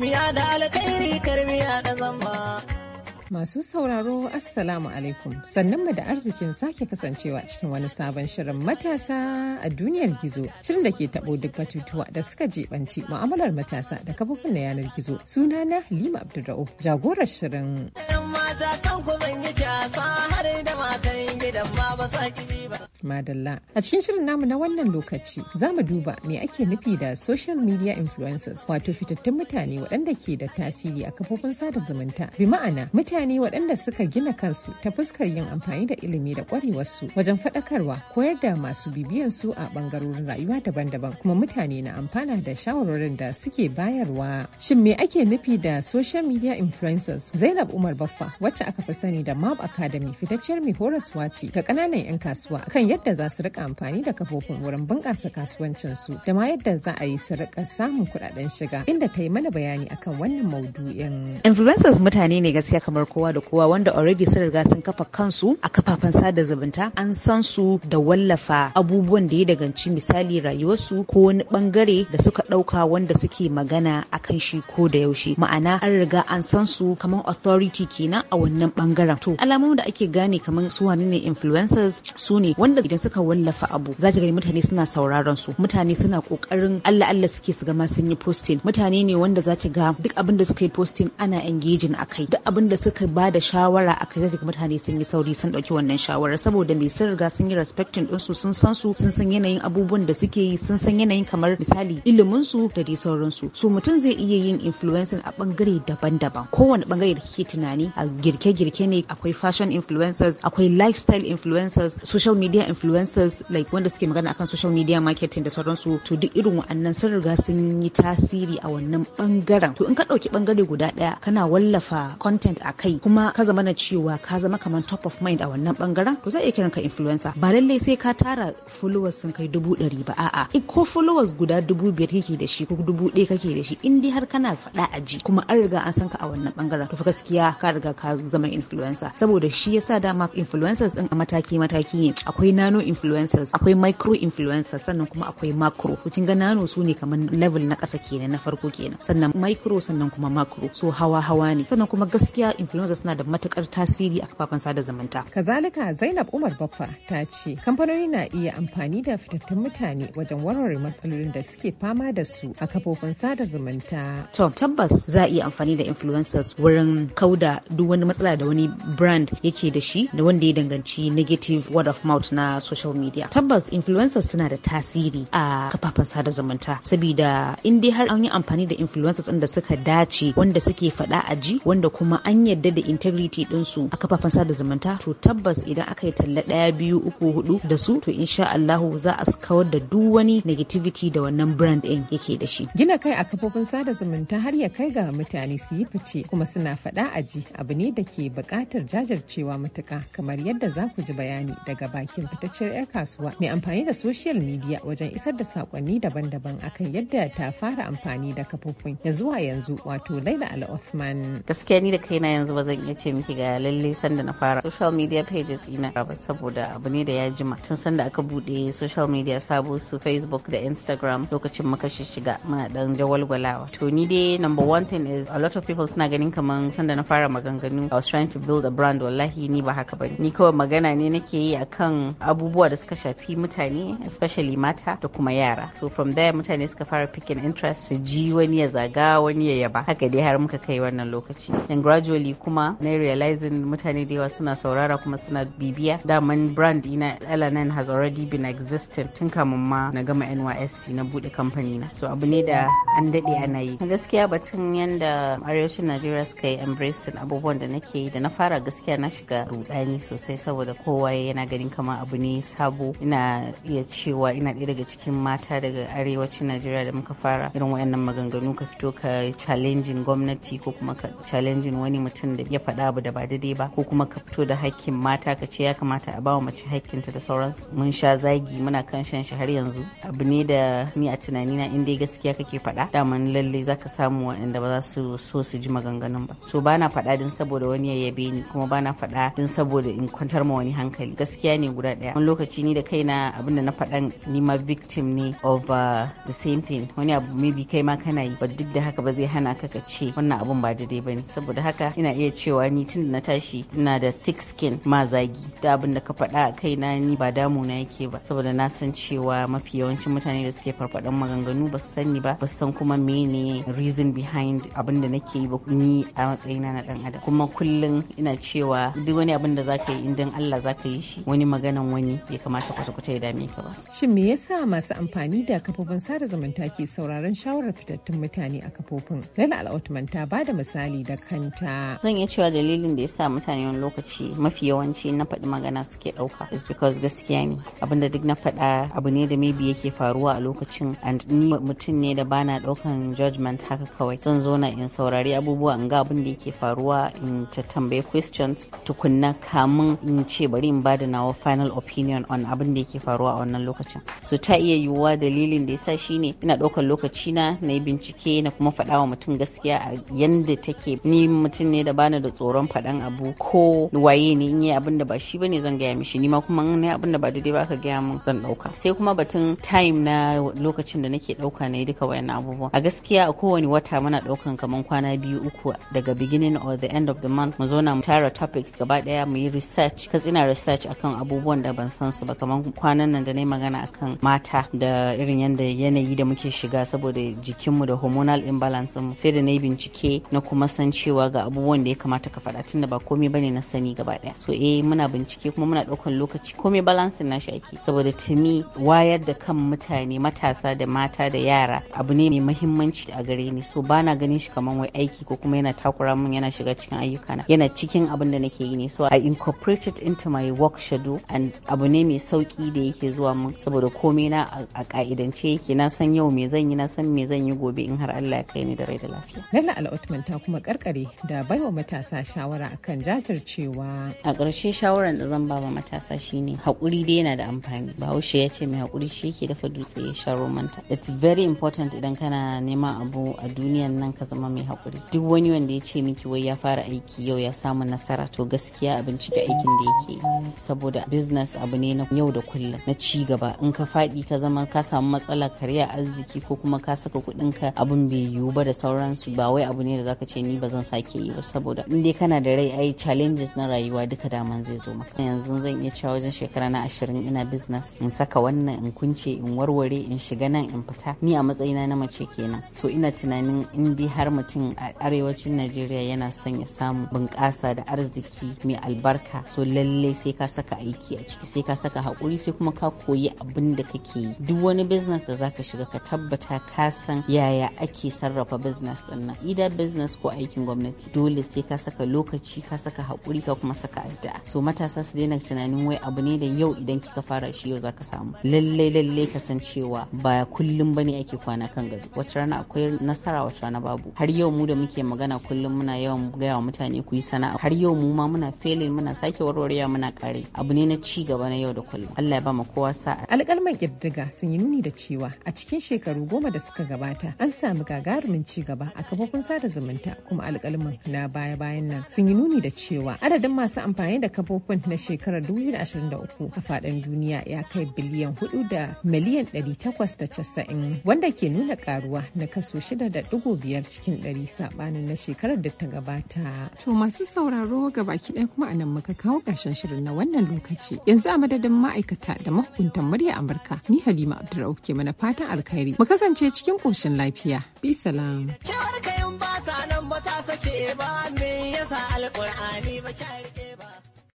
miya da alkhairi da zamba. Masu sauraro Assalamu alaikum sannan mu da arzikin sake kasancewa cikin wani sabon shirin matasa a duniyar gizo shirin da ke taɓo duk batutuwa da suka jebanci mu'amalar matasa da kafofin na yanar gizo suna na Halima Abdurra'u, jagorar shirin. Mata kan ku zan yi gidan ma ba ba. Madalla. A cikin shirin namu na wannan lokaci za mu duba me ake nufi da social media influencers wato fitattun mutane waɗanda ke da tasiri a kafofin sada zumunta. Bi ma'ana mutane waɗanda suka gina kansu ta fuskar yin amfani da ilimi da ƙwarewarsu wajen faɗakarwa koyar da masu bibiyan su a ɓangarorin rayuwa daban-daban kuma mutane na amfana da shawarwarin da suke bayarwa. Shin me ake nufi da social media influencers? Zainab Umar Baffa wacce aka fi sani da mob Academy fitacciyar mai horaswa ce ga ƙananan 'yan kasuwa kan yadda za su rika amfani da kafofin wurin bunƙasa kasuwancinsu da ma yadda za a yi su rika samun kuɗaɗen shiga inda ta yi mana bayani akan wannan maudu'in. Influencers mutane ne gaskiya kamar kowa da kowa wanda already sun riga sun kafa kansu a kafafen sada zumunta an san su da wallafa abubuwan da ya daganci misali rayuwarsu ko wani bangare da suka ɗauka wanda suke magana akan shi ko da yaushe ma'ana an riga an san su kamar authority kenan a wannan bangaren to alamomin da ake gane kamar su wani ne influencers su ne tunda idan suka wallafa abu Zaki ki gani mutane suna sauraron su mutane suna kokarin Allah Allah suke su gama sun yi posting mutane ne wanda zaki ga duk abin da suka yi posting ana engaging akai duk abin da suka ba da shawara akai za ki ga mutane sun yi sauri sun dauki wannan shawara saboda me sun riga sun yi respecting din su sun san su sun san yanayin abubuwan da suke yi sun san yanayin kamar misali ilimin su da dai sauransu so mutum zai iya yin influencing a bangare daban-daban kowane bangare da kike tunani a girke-girke ne akwai fashion influencers akwai lifestyle influencers social media influencers like wanda suke magana akan social media marketing da sauransu to duk irin wa'annan sun riga sun yi tasiri a wannan bangaren to in ka ɗauki bangare guda daya kana wallafa content a kai kuma ka zama na cewa ka zama kamar top of mind a wannan bangaren to za iya kiran ka influencer ba lallai sai ka tara followers sun kai dubu dari ba a'a ko followers guda dubu biyar kake da shi ko dubu ɗaya kake da shi in dai har kana faɗa a ji kuma an riga an san ka a wannan bangaren to fa gaskiya ka riga ka zama influencer saboda shi yasa dama influencers din a mataki mataki ne akwai nano influencers akwai micro influencers sannan kuma akwai macro to kin ga nano su ne kamar level na ƙasa kenan na farko kenan sannan micro sannan kuma macro so hawa hawa ne sannan kuma gaskiya influencers suna da matukar tasiri a kafafen sada zumunta kazalika Zainab Umar Baffa ta ce kamfanoni na iya amfani da fitattun mutane wajen warware matsalolin da suke fama da su a kafofin sada zumunta to tabbas za a iya amfani da influencers wurin kauda duk wani matsala da wani brand yake da shi da wanda ya danganci negative word of mouth na social media tabbas influencers suna da tasiri a kafafen sada zumunta saboda in dai har an yi amfani da influencers da suka dace wanda suke faɗa a ji wanda kuma an yadda da integrity ɗinsu a kafafen sada zumunta to tabbas idan aka yi talla ɗaya biyu uku hudu da su to insha Allahu za a kawar da duk wani negativity da wannan brand ɗin yake da shi gina kai a kafofin sada zumunta har ya kai ga mutane su yi fice kuma suna faɗa a ji abu ne da ke buƙatar jajircewa matuƙa kamar yadda za ku ji bayani daga bakin fitacciyar 'yar kasuwa mai amfani da social media wajen isar da sakonni daban-daban akan yadda ta fara amfani da kafofin ya zuwa yanzu wato Laila Al Othman. Gaskiya ni da kai na yanzu ba zan iya ce miki ga lalle sanda na fara social media pages ina ba saboda abu ne da ya jima tun sanda aka bude social media sabo su Facebook da Instagram lokacin muka shiga muna dan jawalgwalawa. To ni dai number one thing is a lot of people suna ganin kaman sanda na fara maganganu I was trying to build a brand wallahi ni ba haka bane. Ni kawai magana ne nake yi akan abubuwa da suka shafi mutane especially mata da kuma yara so from there mutane suka fara picking interest su ji wani ya zaga wani ya yaba haka dai har muka kai wannan lokaci and gradually kuma na realizing mutane da yawa suna saurara kuma suna bibiya daman brand ina LNN has already been existing tun kamun ma na gama NYSC na bude kamfani na so abu ne da an dade ana yi gaskiya batun yanda arewacin Najeriya suka yi embracing abubuwan da nake yi da na fara gaskiya na shiga rudani sosai saboda kowa yana ganin kamar abu abu ne sabo ina iya cewa ina ɗaya daga cikin mata daga arewacin najeriya da muka fara irin waɗannan maganganu ka fito ka challenging gwamnati ko kuma ka challenging wani mutum da ya faɗa abu da ba daidai ba ko kuma ka fito da hakkin mata ka ce ya kamata a bawa mace hakkin ta da sauransu mun sha zagi muna kan shan shi har yanzu abu ne da ni a tunanina in dai gaskiya kake faɗa daman lallai zaka samu waɗanda ba za su so su ji maganganun ba so bana faɗa din saboda wani ya yabe ni kuma bana faɗa din saboda in kwantar ma wani hankali gaskiya ne guda ɗaya daya wani lokaci ni da kaina abinda na faɗan ni ma victim ne of uh, the same thing wani abu maybe kai ma kana yi ba duk da haka ba zai hana ka ka ce wannan abun ba daidai bane saboda haka ina iya cewa ni tun da na tashi ina da thick skin ma zagi da abin da ka faɗa a kaina ni ba damuna yake ba saboda na san cewa mafi yawancin mutane da suke farfaɗan maganganu ba su sani ba ba san kuma mene reason behind abin da nake yi ba ni a matsayina na dan adam kuma kullum ina cewa duk wani abin da zaka yi idan Allah zaka yi shi wani maganan wani bai kamata kwata-kwata ya dame ka ba. Shin me yasa masu amfani da kafofin sada zumunta ke sauraron shawarar fitattun mutane a kafofin? Lala Al'Otman ta ba da misali da kanta. Zan iya cewa dalilin da yasa mutane wani lokaci mafi yawanci na faɗi magana suke ɗauka is because gaskiya ne abinda duk na faɗa abu ne da maybe yake faruwa a lokacin and ni mutum ne da bana ɗaukan judgment haka kawai zan zo na in saurari abubuwa in ga abin da yake faruwa in ta tambaye questions tukunna kamun in ce bari in bada nawa final opinion on abin da yake faruwa a wannan lokacin so ta iya yiwuwa dalilin da yasa shine ina ɗaukar lokaci na na yi bincike na kuma faɗa wa mutum gaskiya a yanda take ni mutum ne da bani da tsoron faɗan abu ko waye ne in yi abin da ba shi bane zan gaya mishi ni ma kuma in yi abin da ba daidai ba ka gaya min zan ɗauka sai kuma batun time na lokacin da nake ɗauka na yi duka wayan abubuwa a gaskiya a kowane wata muna ɗaukan kaman kwana biyu uku daga beginning or the end of the month mu zauna mu tara topics gaba ɗaya mu yi research tsina research akan abubuwan da. wanda ban san su ba kamar kwanan nan da na magana akan mata da irin yadda yanayi da muke shiga saboda jikinmu da hormonal imbalance mu sai da na yi bincike na kuma san cewa ga abubuwan da ya kamata ka faɗa tunda ba komai bane na sani gaba ɗaya so eh muna bincike kuma muna ɗaukan lokaci komai na shi ake saboda tumi wayar da kan mutane matasa da mata da yara abu ne mai mahimmanci a gare ni so bana ganin shi kamar wai aiki ko kuma yana takura mun yana shiga cikin na yana cikin abin da nake yi ne so i incorporated into my work schedule and abu ne mai sauki da yake zuwa mun saboda komai na a ka'idance yake na san yau me zan yi na san me zan yi gobe in har Allah ya kai ni da rai da lafiya Lalla Al'utman ta kuma karkare da baiwa matasa shawara akan jajircewa a ƙarshe shawaran da zan ba ma matasa shine hakuri dai yana da amfani Bahaushe ya ce mai hakuri shi yake dafa dutse ya sharo romanta it's very important idan kana neman abu a duniyan nan ka zama mai hakuri duk wani wanda ya ce miki wai ya fara aiki yau ya samu nasara to gaskiya a bincike aikin da yake saboda business finance abu ne na yau da kullum na ci gaba in ka faɗi ka zama ka samu matsala karya arziki ko kuma ka saka kuɗin ka abun bai yiwu ba da sauransu ba wai abu ne da zaka ce ni ba zan sake yi ba saboda in dai kana da rai ai challenges na rayuwa duka daman zai zo maka yanzu zan iya cewa wajen shekara na ashirin ina business in saka wannan in kunce in warware in shiga nan in fita ni a matsayina na mace kenan so ina tunanin in dai har mutum a arewacin najeriya yana son ya samu bunƙasa da arziki mai albarka so lallai sai ka saka aiki a ciki ciki sai ka saka hakuri sai kuma ka koyi abin da kake yi duk wani business da zaka shiga ka tabbata ka san yaya ake sarrafa business din nan ida business ko aikin gwamnati dole sai ka saka lokaci ka saka hakuri ka kuma saka addu'a so matasa su daina tunanin wai abu ne da yau idan kika fara shi yau zaka samu lalle lalle cewa ba kullum bane ake kwana kan gado wata rana akwai nasara wata rana babu har yau mu da muke magana kullum muna yawan gaya wa mutane ku yi sana'a har yau mu ma muna failing muna sake warwarewa muna kare abu ne na ci gaba na yau da kullum Allah ya ba mu kowa sa'a alƙalman ƙirdiga sun yi nuni da cewa a cikin shekaru goma da suka gabata an samu gagarumin ci gaba a kafofin sada zumunta kuma alƙalman na baya-bayan nan sun yi nuni da cewa adadin masu amfani da kafofin na shekarar 2023 a faɗin duniya ya kai biliyan 4 da miliyan 890 wanda ke nuna karuwa na kaso 6.5 cikin 100 sabanin na shekarar da ta gabata. To masu sauraro ga baki ɗaya kuma a nan muka kawo ƙarshen shirin na wannan lokaci. yanzu a madadin ma'aikata da mahukuntan murya Amurka ni Halima Abdurrauf ke mana fatan alkhairi mu kasance cikin koshin lafiya bi salam. Kyawar kayan sake ba yasa ba